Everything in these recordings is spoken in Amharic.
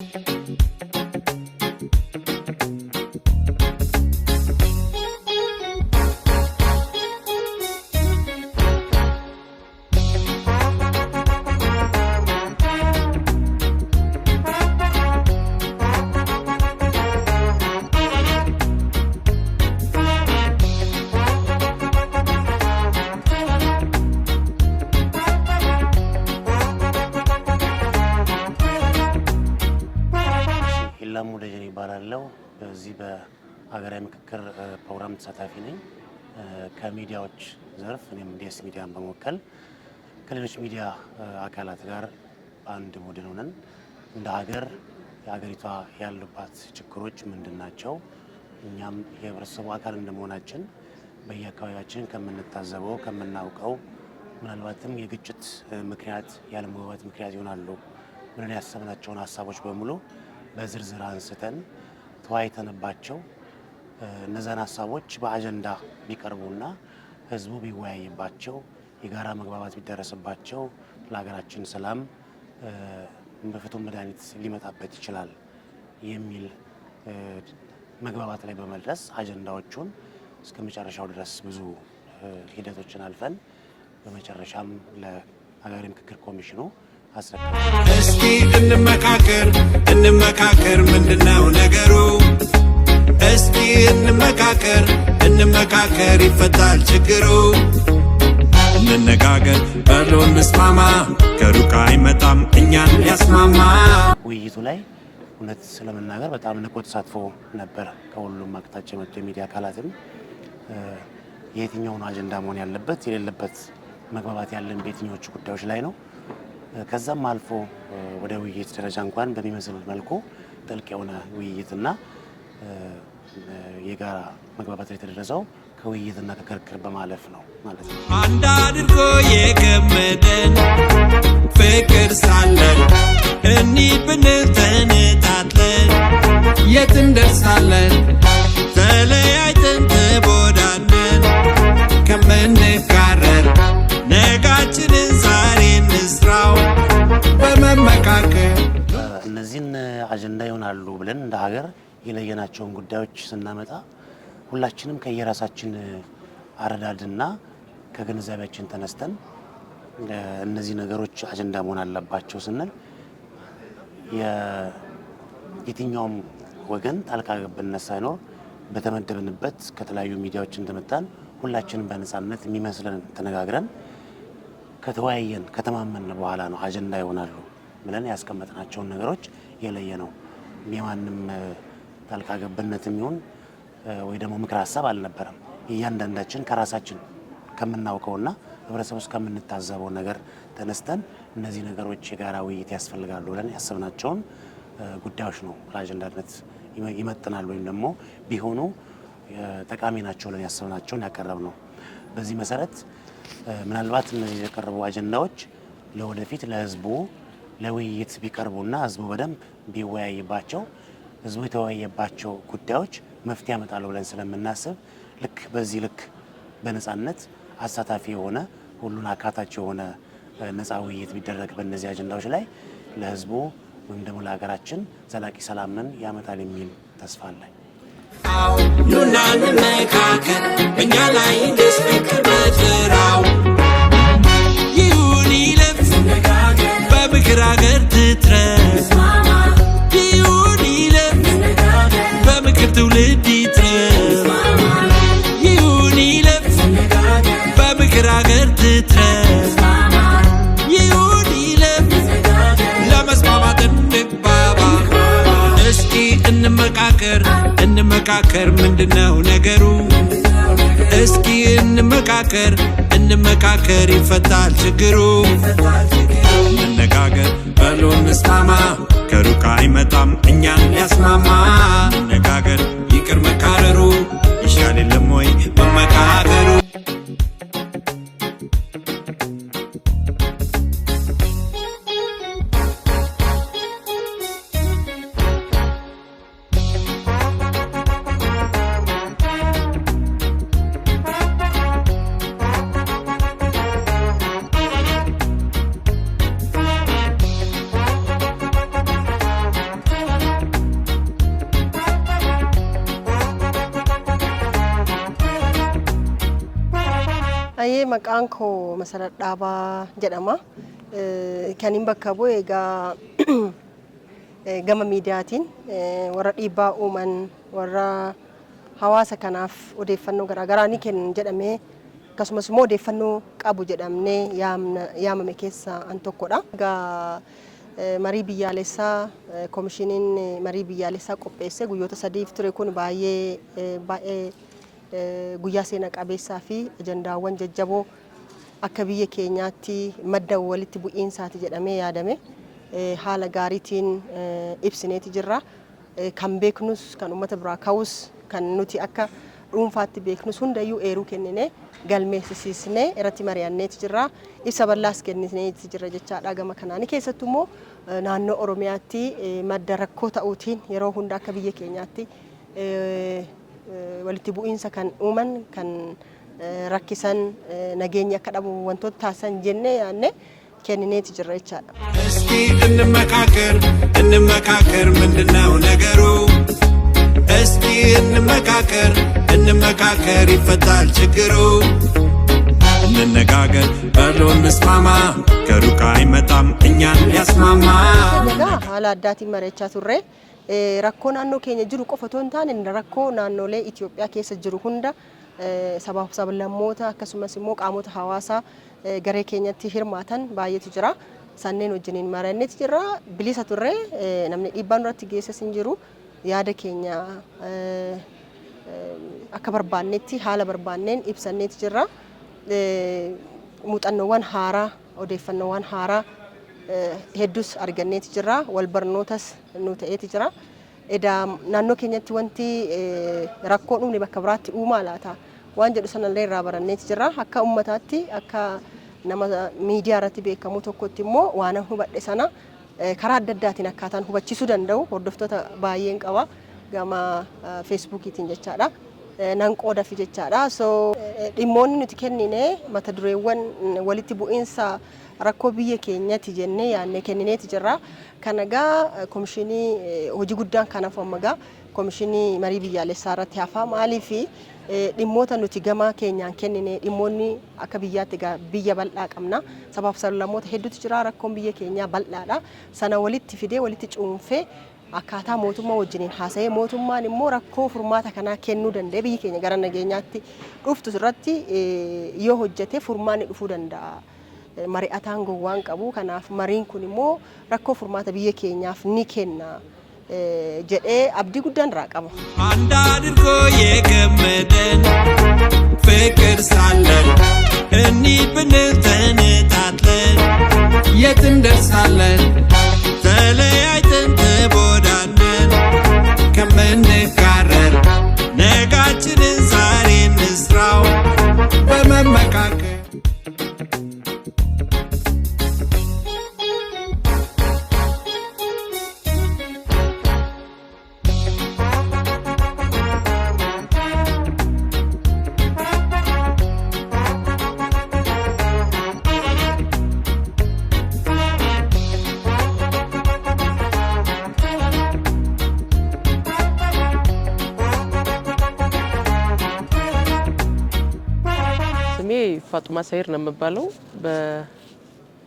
Thank you. እባላለሁ። በዚህ በሀገራዊ ምክክር ፕሮግራም ተሳታፊ ነኝ። ከሚዲያዎች ዘርፍ እኔም ዲኤስ ሚዲያን በመወከል ከሌሎች ሚዲያ አካላት ጋር አንድ ቡድን ሆነን እንደ ሀገር የሀገሪቷ ያሉባት ችግሮች ምንድን ናቸው፣ እኛም የህብረተሰቡ አካል እንደመሆናችን በየአካባቢያችን ከምንታዘበው ከምናውቀው ምናልባትም የግጭት ምክንያት ያለመግባባት ምክንያት ይሆናሉ ብለን ያሰብናቸውን ሀሳቦች በሙሉ በዝርዝር አንስተን ተወያይተንባቸው እነዚያን ሀሳቦች በአጀንዳ ቢቀርቡና ህዝቡ ቢወያይባቸው የጋራ መግባባት ቢደረስባቸው ለሀገራችን ሰላም በፍቱን መድኃኒት ሊመጣበት ይችላል የሚል መግባባት ላይ በመድረስ አጀንዳዎቹን እስከ መጨረሻው ድረስ ብዙ ሂደቶችን አልፈን በመጨረሻም ለሀገራዊ ምክክር ኮሚሽኑ አስረከበ። እስቲ እንመካከር እንመካከር፣ ምንድነው ነገሩ? እስቲ እንመካከር እንመካከር፣ ይፈታል ችግሩ። እንነጋገር በሎ እንስማማ፣ ከሩቅ አይመጣም እኛን ሊያስማማ። ውይይቱ ላይ እውነት ስለመናገር በጣም ንቆ ተሳትፎ ነበር ከሁሉም አቅጣጫ የመጡ የሚዲያ አካላትም የየትኛውን አጀንዳ መሆን ያለበት የሌለበት መግባባት ያለን በየትኞቹ ጉዳዮች ላይ ነው ከዛም አልፎ ወደ ውይይት ደረጃ እንኳን በሚመስል መልኩ ጥልቅ የሆነ ውይይትና የጋራ መግባባት የተደረሰው ከውይይትና ከክርክር በማለፍ ነው ማለት ነው። አንድ አድርጎ የገመደን ፍቅር ሳለን እኒ ብንተንጣጥለን የት እንደርሳለን? ተለያይተን ተቦዳለን ከምንካረር አጀንዳ ይሆናሉ ብለን እንደ ሀገር የለየናቸውን ጉዳዮች ስናመጣ ሁላችንም ከየራሳችን አረዳድና ከግንዛቤያችን ተነስተን እነዚህ ነገሮች አጀንዳ መሆን አለባቸው ስንል የትኛውም ወገን ጣልቃ ገብነት ሳይኖር በተመደብንበት ከተለያዩ ሚዲያዎች እንደመጣን ሁላችንም በነፃነት የሚመስለን ተነጋግረን ከተወያየን ከተማመን በኋላ ነው አጀንዳ ይሆናሉ ብለን ያስቀመጥናቸውን ነገሮች የለየ ነው። የማንም ጣልቃ ገብነት የሚሆን ወይ ደግሞ ምክር ሀሳብ አልነበረም። እያንዳንዳችን ከራሳችን ከምናውቀውና ህብረተሰብ ውስጥ ከምንታዘበው ነገር ተነስተን እነዚህ ነገሮች የጋራ ውይይት ያስፈልጋሉ ብለን ያሰብናቸውን ጉዳዮች ነው ለአጀንዳነት ይመጥናል ወይም ደግሞ ቢሆኑ ጠቃሚ ናቸው ብለን ያሰብናቸውን ያቀረብ ነው። በዚህ መሰረት ምናልባት እነዚህ የቀረቡ አጀንዳዎች ለወደፊት ለህዝቡ ለውይይት ቢቀርቡና ህዝቡ በደንብ ቢወያይባቸው ህዝቡ የተወያየባቸው ጉዳዮች መፍትሄ ያመጣሉ ብለን ስለምናስብ ልክ በዚህ ልክ በነፃነት አሳታፊ የሆነ ሁሉን አካታች የሆነ ነፃ ውይይት ቢደረግ በእነዚህ አጀንዳዎች ላይ ለህዝቡ ወይም ደግሞ ለሀገራችን ዘላቂ ሰላምን ያመጣል የሚል ተስፋ አለን። ኑና እኛ ላይ አገር ትትረስ ይሁን ይለፍ በምክር ትውልድ ይትረስ ይሁን ይለፍ በምክር አገር ትትረስ ይሁን ይለፍ ለመስማማት እንግባባ እስኪ እንመካከር እንመካከር ምንድነው ነገሩ እስኪ እንመካከር እንመካከር ይፈታል ችግሩ መነጋገር በሎ እንስማማ ከሩቅ አይመጣም እኛን ሊያስማማ እንነጋገር ይቅር መካረሩ maqaan koo Masarat Dhaabaa jedhama. Kan hin bakka bu'e egaa gama miidiyaatiin warra dhiibbaa uuman warra hawaasa kanaaf odeeffannoo garaagaraa ni kennu jedhamee akkasumas immoo odeeffannoo qabu jedhamnee yaamame keessaa an tokkodha. Egaa marii biyyaalessaa komishiniin marii biyyaalessaa qopheesse guyyoota sadiif ture kun baay'ee baay'ee guyyaa seenaa qabeessaa fi ajandaawwan jajjaboo akka biyya keenyaatti madda walitti bu'iinsaati jedhamee yaadame haala gaariitiin ibsineeti jirra. Kan beeknus kan uummata biraa ka'us kan nuti akka dhuunfaatti beeknus hundayyuu eeruu kennine galmeessisiisnee irratti mari'anneeti jirra. Ibsa bal'aas kennineeti jirra jechaadha gama kanaani. Keessattuu immoo naannoo Oromiyaatti madda rakkoo ta'uutiin yeroo hunda akka biyya keenyaatti walitti bu'iinsa kan uuman kan rakkisan nageenya akka dhabu wantoota taasisan jennee yaadne kennineeti jirra jechaadha. እስቲ እንመካከር እንመካከር ምንድነው ነገሩ? እስቲ እንመካከር እንመካከር ይፈታል ችግሩ። እንነጋገር በሎ እንስማማ፣ ከሩቅ አይመጣም እኛን ሊያስማማ። ሀላ አዳቲ መሬቻ ቱሬ Eh, rakkoo naannoo keenya jiru qofa otoo hin taane rakkoo naannolee Itoophiyaa keessa jiru hunda eh, sabaaf sablammoota akkasumas immoo qaamota hawaasaa eh, garee keenyatti hirmaatan baay'eetu jira. Sanneen wajjiniin maranneeti jirra Bilisa turre namni dhiibbaa nurratti geessas jiru. Yaada keenya akka barbaannetti haala barbaanneen ibsanneeti jira. Muuxannoowwan haaraa odeeffannoowwan haaraa hedduus arganneeti jirra. Walbarnootas nu ta'eeti jira. eda Naannoo keenyatti wanti rakkoon uumne bakka biraatti uumaa laata waan jedhu sanallee irraa baranneeti jira Akka uummataatti akka nama miidiyaa irratti beekamu tokkotti immoo waan hubadhe sana karaa adda addaatiin akkaataan hubachisuu danda'u hordoftoota baay'een qaba gama feesbuukiitiin jechaadha. nan qoodafi jechaadha. So dhimmoonni nuti kennine mata dureewwan walitti bu'iinsa rakkoo biyya keenyatti jennee yaannee kennineeti jirra. Kanagaa komishinii hojii guddaan kanaaf ammagaa komishinii marii biyyaalessaa irratti hafaa maalii fi dhimmoota nuti gamaa keenyaan kennine dhimmoonni akka biyyaatti biyya bal'aa qabna. Sabaaf sablammoota hedduutu jira rakkoon biyya keenyaa bal'aadha. Sana walitti fidee walitti cuunfee akkaataa mootummaa wajjiniin haasa'ee mootummaan immoo rakkoo furmaata kanaa kennuu danda'e biyyi keenya gara nageenyaatti dhuftus irratti yoo hojjete furmaanni dhufuu danda'a. Mari'ataan gowwaan qabu kanaaf mariin kun immoo rakkoo furmaata biyya keenyaaf ni kenna jedhee abdii guddaan irraa qaba. አንዳድርጎ የገመደን ፍቅር ሳለን እኒ ብንተንጣለን የት እንደርሳለን ጡማ ሰይር ነው የምባለው።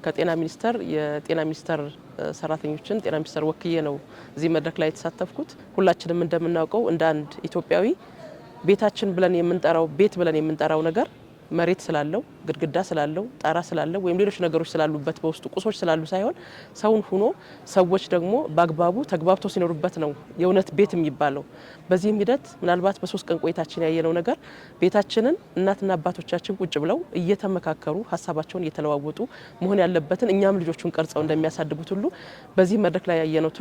ከጤና ሚኒስቴር የጤና ሚኒስቴር ሰራተኞችን ጤና ሚኒስቴር ወክዬ ነው እዚህ መድረክ ላይ የተሳተፍኩት። ሁላችንም እንደምናውቀው እንደ አንድ ኢትዮጵያዊ ቤታችን ብለን የምንጠራው ቤት ብለን የምንጠራው ነገር መሬት ስላለው ግድግዳ ስላለው ጣራ ስላለው ወይም ሌሎች ነገሮች ስላሉበት በውስጡ ቁሶች ስላሉ ሳይሆን ሰውን ሁኖ ሰዎች ደግሞ በአግባቡ ተግባብተው ሲኖሩበት ነው የእውነት ቤት የሚባለው። በዚህም ሂደት ምናልባት በሶስት ቀን ቆይታችን ያየነው ነገር ቤታችንን እናትና አባቶቻችን ቁጭ ብለው እየተመካከሩ ሀሳባቸውን እየተለዋወጡ መሆን ያለበትን እኛም ልጆቹን ቀርጸው እንደሚያሳድጉት ሁሉ በዚህ መድረክ ላይ ያየነው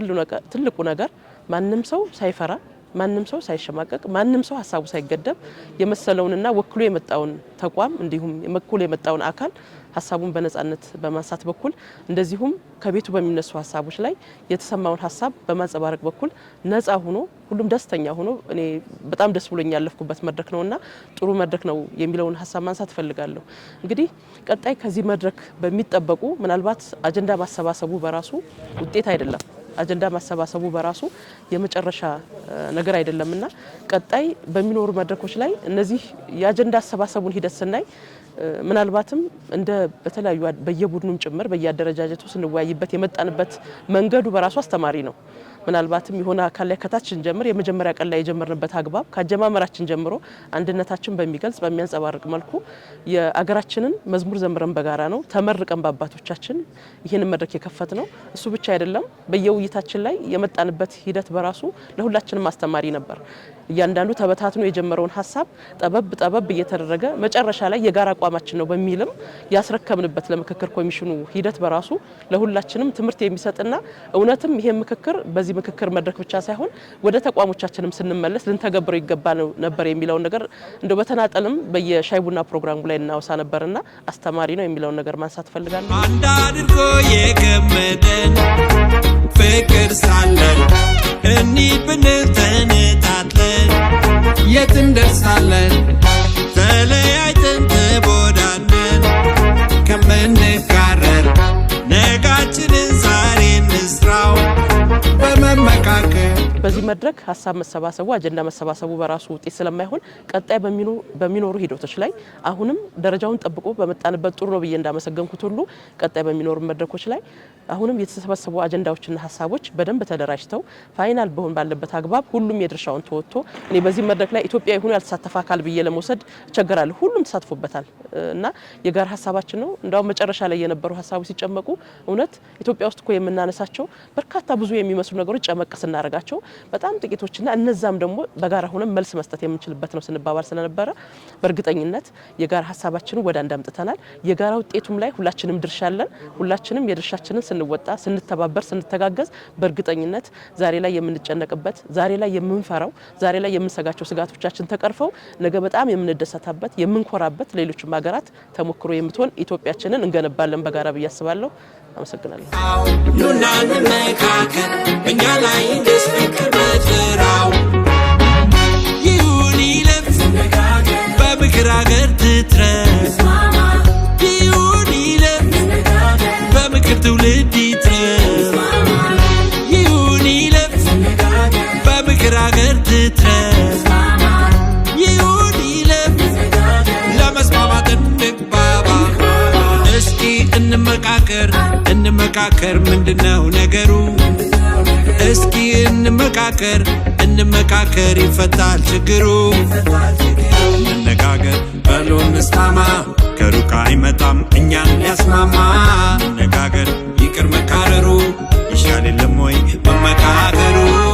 ትልቁ ነገር ማንም ሰው ሳይፈራ ማንም ሰው ሳይሸማቀቅ ማንም ሰው ሀሳቡ ሳይገደብ የመሰለውንና ወክሎ የመጣውን ተቋም እንዲሁም ወክሎ የመጣውን አካል ሀሳቡን በነጻነት በማንሳት በኩል እንደዚሁም ከቤቱ በሚነሱ ሀሳቦች ላይ የተሰማውን ሀሳብ በማንጸባረቅ በኩል ነጻ ሆኖ ሁሉም ደስተኛ ሆኖ እኔ በጣም ደስ ብሎኝ ያለፍኩበት መድረክ ነውና ጥሩ መድረክ ነው የሚለውን ሀሳብ ማንሳት እፈልጋለሁ። እንግዲህ ቀጣይ ከዚህ መድረክ በሚጠበቁ ምናልባት አጀንዳ ማሰባሰቡ በራሱ ውጤት አይደለም። አጀንዳ ማሰባሰቡ በራሱ የመጨረሻ ነገር አይደለምና ቀጣይ በሚኖሩ መድረኮች ላይ እነዚህ የአጀንዳ አሰባሰቡን ሂደት ስናይ ምናልባትም እንደ በተለያዩ በየቡድኑም ጭምር በየአደረጃጀቱ ስንወያይበት የመጣንበት መንገዱ በራሱ አስተማሪ ነው። ምናልባትም የሆነ አካል ላይ ከታች ስንጀምር የመጀመሪያ ቀን ላይ የጀመርንበት አግባብ ከአጀማመራችን ጀምሮ አንድነታችን በሚገልጽ በሚያንጸባርቅ መልኩ የአገራችንን መዝሙር ዘምረን በጋራ ነው ተመርቀን በአባቶቻችን ይህን መድረክ የከፈት ነው። እሱ ብቻ አይደለም፣ በየውይይታችን ላይ የመጣንበት ሂደት በራሱ ለሁላችንም አስተማሪ ነበር። እያንዳንዱ ተበታትኖ የጀመረውን ሀሳብ ጠበብ ጠበብ እየተደረገ መጨረሻ ላይ የጋራ አቋማችን ነው በሚልም ያስረከምንበት ለምክክር ኮሚሽኑ ሂደት በራሱ ለሁላችንም ትምህርት የሚሰጥና እውነትም ይሄ ምክክር በዚህ ምክክር መድረክ ብቻ ሳይሆን ወደ ተቋሞቻችንም ስንመለስ ልንተገብረው ይገባ ነበር የሚለውን ነገር እንደ በተናጠልም በየሻይ ቡና ፕሮግራሙ ላይ እናወሳ ነበርና አስተማሪ ነው የሚለውን ነገር ማንሳት ፈልጋለሁ። አንድ አድርጎ የገመደን ፍቅር ሳለ በዚህ ማድረግ ሀሳብ መሰባሰቡ አጀንዳ መሰባሰቡ በራሱ ውጤት ስለማይሆን ቀጣይ በሚኖሩ ሂደቶች ላይ አሁንም ደረጃውን ጠብቆ በመጣንበት ጥሩ ነው ብዬ እንዳመሰገንኩት ሁሉ ቀጣይ በሚኖሩ መድረኮች ላይ አሁንም የተሰበሰቡ አጀንዳዎችና ሀሳቦች በደንብ ተደራጅተው ፋይናል በሆን ባለበት አግባብ ሁሉም የድርሻውን ተወጥቶ እኔ በዚህ መድረክ ላይ ኢትዮጵያ የሆኑ ያልተሳተፈ አካል ብዬ ለመውሰድ እቸገራለሁ። ሁሉም ተሳትፎበታል እና የጋራ ሀሳባችን ነው። እንዲሁም መጨረሻ ላይ የነበሩ ሀሳቦች ሲጨመቁ እውነት ኢትዮጵያ ውስጥ እኮ የምናነሳቸው በርካታ ብዙ የሚመስሉ ነገሮች ጨመቅ ስናደርጋቸው በጣም ጥቂቶችና እነዛም ደግሞ በጋራ ሆነን መልስ መስጠት የምንችልበት ነው ስንባባል ስለነበረ በእርግጠኝነት የጋራ ሀሳባችንን ወደ አንድ አምጥተናል። የጋራ ውጤቱም ላይ ሁላችንም ድርሻ አለን። ሁላችንም የድርሻችንን ስንወጣ፣ ስንተባበር፣ ስንተጋገዝ በእርግጠኝነት ዛሬ ላይ የምንጨነቅበት ዛሬ ላይ የምንፈራው ዛሬ ላይ የምንሰጋቸው ስጋቶቻችን ተቀርፈው ነገ በጣም የምንደሰታበት የምንኮራበት ሌሎችም ሀገራት ተሞክሮ የምትሆን ኢትዮጵያችንን እንገነባለን በጋራ ብዬ አስባለሁ። አመሰግናለሁ። ኑና እንመካከል እኛ ላይ እንመካከር እንመካከር ምንድነው ነገሩ? እስኪ እንመካከር እንመካከር ይፈታል ችግሩ። መነጋገር በሎ እንስማማ፣ ከሩቅ አይመጣም እኛን ሊያስማማ። መነጋገር ይቅር መካረሩ ይሻል የለም ወይ መመካከሩ